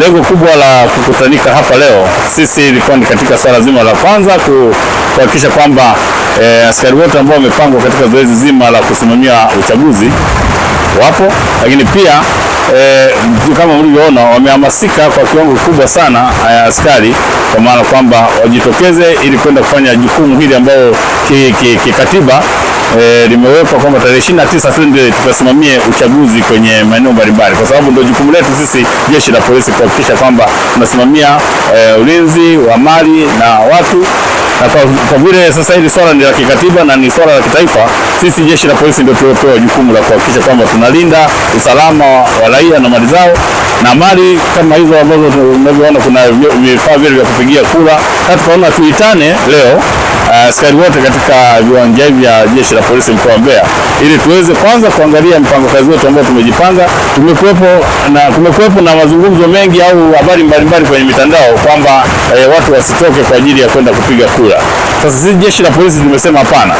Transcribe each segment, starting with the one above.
Lengo kubwa la kukutanika hapa leo sisi ilikuwa ni katika swala zima la kwanza kuhakikisha kwamba e, askari wote ambao wamepangwa katika zoezi zima la kusimamia uchaguzi wapo, lakini pia e, kama mlivyoona wamehamasika kwa kiwango kikubwa sana eh, askari, kwa maana kwamba wajitokeze ili kwenda kufanya jukumu hili ambayo kikatiba ki, ki, e, limewekwa kwamba tarehe 29 ndio tukasimamie uchaguzi kwenye maeneo mbalimbali, kwa sababu ndio jukumu letu sisi jeshi la polisi kuhakikisha kwamba tunasimamia e, ulinzi wa mali na watu na kwa vile sasa hili swala ni la kikatiba na ni swala la kitaifa, sisi jeshi la polisi ndio tuliopewa jukumu la kuhakikisha kwamba tunalinda usalama wa raia na mali zao na mali kama hizo ambazo tunavyoona kuna vifaa vile vya kupigia kura. Hata tukaona tuitane leo Eh, askari wote katika viwanja hivi vya Jeshi la Polisi mkoa wa Mbeya ili tuweze kwanza kuangalia mpango kazi wetu ambao tumejipanga. Kumekuwepo na kumekuwepo na mazungumzo mengi au habari mbalimbali kwenye mitandao kwamba e, watu wasitoke kwa ajili ya kwenda kupiga kura. Sasa sisi Jeshi la Polisi tumesema hapana.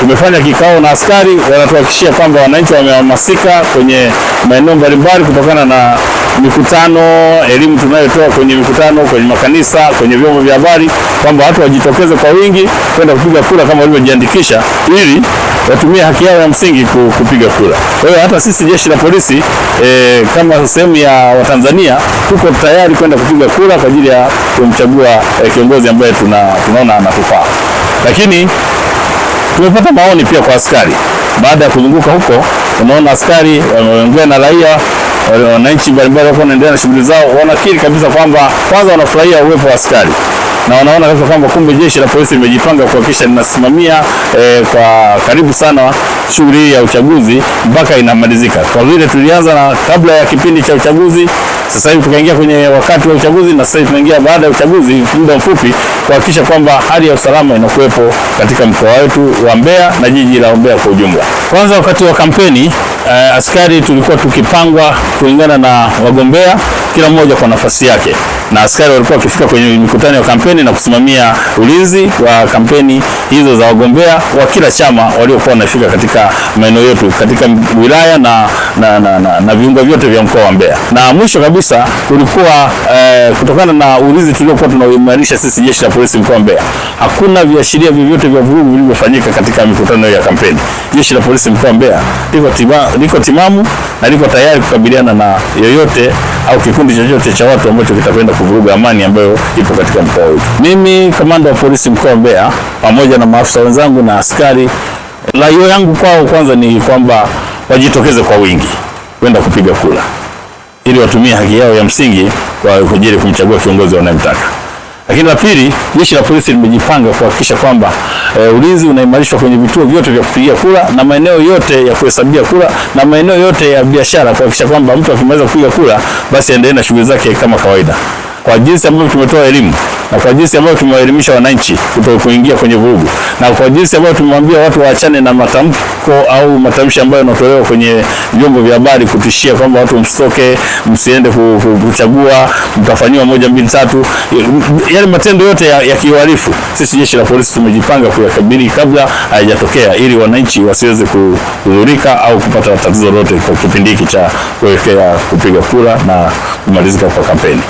Tumefanya kikao na askari, wanatuhakikishia kwamba wananchi wamehamasika kwenye maeneo mbalimbali kutokana na mikutano, elimu tunayotoa kwenye mikutano, kwenye makanisa, kwenye vyombo vya habari, kwamba watu wajitokeze kwa wingi kwenda kupiga kura kama walivyojiandikisha, ili watumie haki yao ya msingi kupiga kura. Kwa hiyo hata sisi jeshi la polisi e, kama sehemu ya Watanzania tuko tayari kwenda kupiga kura kwa ajili ya kumchagua e, kiongozi ambaye tuna, tunaona anatufaa. Lakini tumepata maoni pia kwa askari baada ya kuzunguka huko, unaona askari wameongea na raia wananchi mbalimbali wako wanaendelea na shughuli zao, wanakiri kabisa kwamba kwanza wanafurahia uwepo wa askari na wanaona kabisa kwamba kumbe jeshi la polisi limejipanga kuhakikisha linasimamia e, kwa karibu sana shughuli hii ya uchaguzi mpaka inamalizika. Kwa vile tulianza na kabla ya kipindi cha uchaguzi, sasa hivi tukaingia kwenye wakati wa uchaguzi, na sasa hivi tunaingia baada ya uchaguzi muda mfupi, kuhakikisha kwamba hali ya usalama inakuwepo katika mkoa wetu wa Mbeya na jiji la Mbeya kwa ujumla. Kwanza wakati wa kampeni Eh, askari tulikuwa tukipangwa kulingana na wagombea, kila mmoja kwa nafasi yake na askari walikuwa wakifika kwenye mikutano ya kampeni na kusimamia ulinzi wa kampeni hizo za wagombea wa kila chama waliokuwa wanafika katika maeneo yetu katika wilaya na, na, na, na, na viunga vyote vya mkoa wa Mbeya. Na mwisho kabisa ulikuwa eh, kutokana na ulinzi tuliokuwa tunaimarisha sisi jeshi la polisi mkoa wa Mbeya, hakuna viashiria vyovyote vya vurugu vilivyofanyika katika mikutano ya kampeni. Jeshi la polisi mkoa wa Mbeya liko timamu na liko tayari kukabiliana na yoyote au kikundi chochote cha watu ambacho kitakwenda kuvuruga amani ambayo ipo katika mkoa wetu. Mimi kamanda wa polisi mkoa wa Mbeya pamoja na maafisa wenzangu na askari, laio yangu kwao kwanza ni kwamba wajitokeze kwa wingi kwenda kupiga kura ili watumie haki yao ya msingi kwa kujiri kumchagua kiongozi wanayemtaka. Lakini la pili, jeshi la polisi limejipanga kuhakikisha kwamba E, ulinzi unaimarishwa kwenye vituo vyote vya kupigia kura na maeneo yote ya kuhesabia kura na maeneo yote ya biashara kuhakikisha kwamba mtu akimaliza kupiga kura basi aendelee na shughuli zake kama kawaida kwa jinsi ambavyo tumetoa elimu na kwa jinsi ambavyo tumewaelimisha wananchi kuto kuingia kwenye vurugu na kwa jinsi ambavyo tumewambia watu waachane na matamko au matamshi ambayo yanatolewa kwenye vyombo vya habari kutishia kwamba watu msitoke, msiende kuchagua, mtafanyiwa moja mbili tatu, yale matendo yote ya, ya kiuhalifu. Sisi jeshi la polisi tumejipanga kuyakabili kabla hayajatokea, ili wananchi wasiweze kudhurika au kupata tatizo lolote kwa kipindi hiki cha kuelekea kupiga kura na kumalizika kwa kampeni.